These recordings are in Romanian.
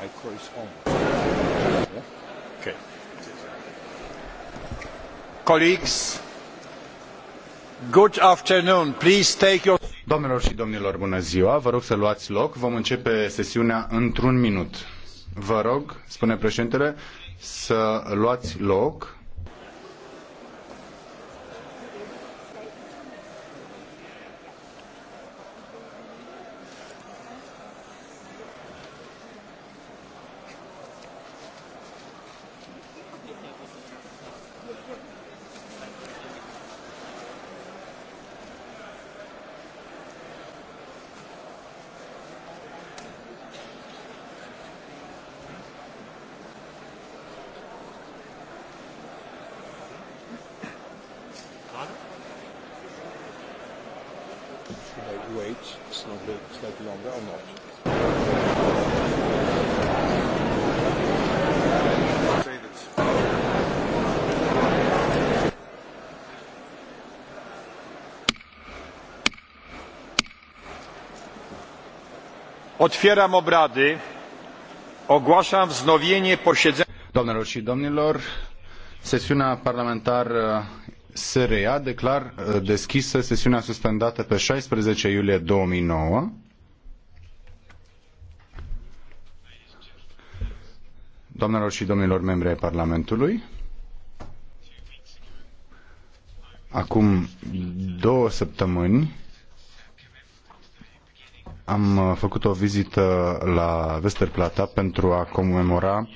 micro is on. Yeah? Okay. Colleagues, good afternoon. Please take your... Domnilor și domnilor, bună ziua. Vă rog să luați loc. Vom începe sesiunea într-un minut. Vă rog, spune președintele, să luați loc should I wait slightly, slightly longer or not? Otwieram obrady. Ogłaszam wznowienie posiedzenia. Domnilor și domnilor, sesiunea parlamentară se reia, declar uh, deschisă sesiunea suspendată pe 16 iulie 2009. Doamnelor și domnilor membri ai Parlamentului, acum două săptămâni am uh, făcut o vizită la Vesterplata pentru a comemora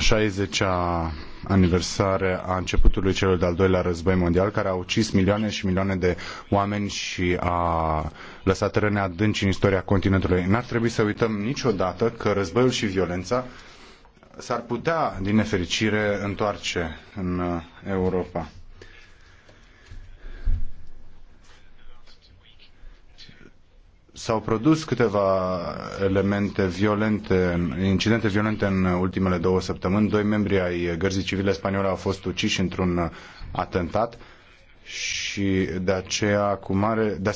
60-a uh, aniversare a începutului celui de-al doilea război mondial, care a ucis milioane și milioane de oameni și a lăsat răne adânci în istoria continentului. N-ar trebui să uităm niciodată că războiul și violența s-ar putea, din nefericire, întoarce în uh, Europa. s-au produs câteva elemente violente, incidente violente în ultimele două săptămâni. Doi membri ai gărzii civile spaniole au fost uciși într-un atentat și de aceea cu mare, de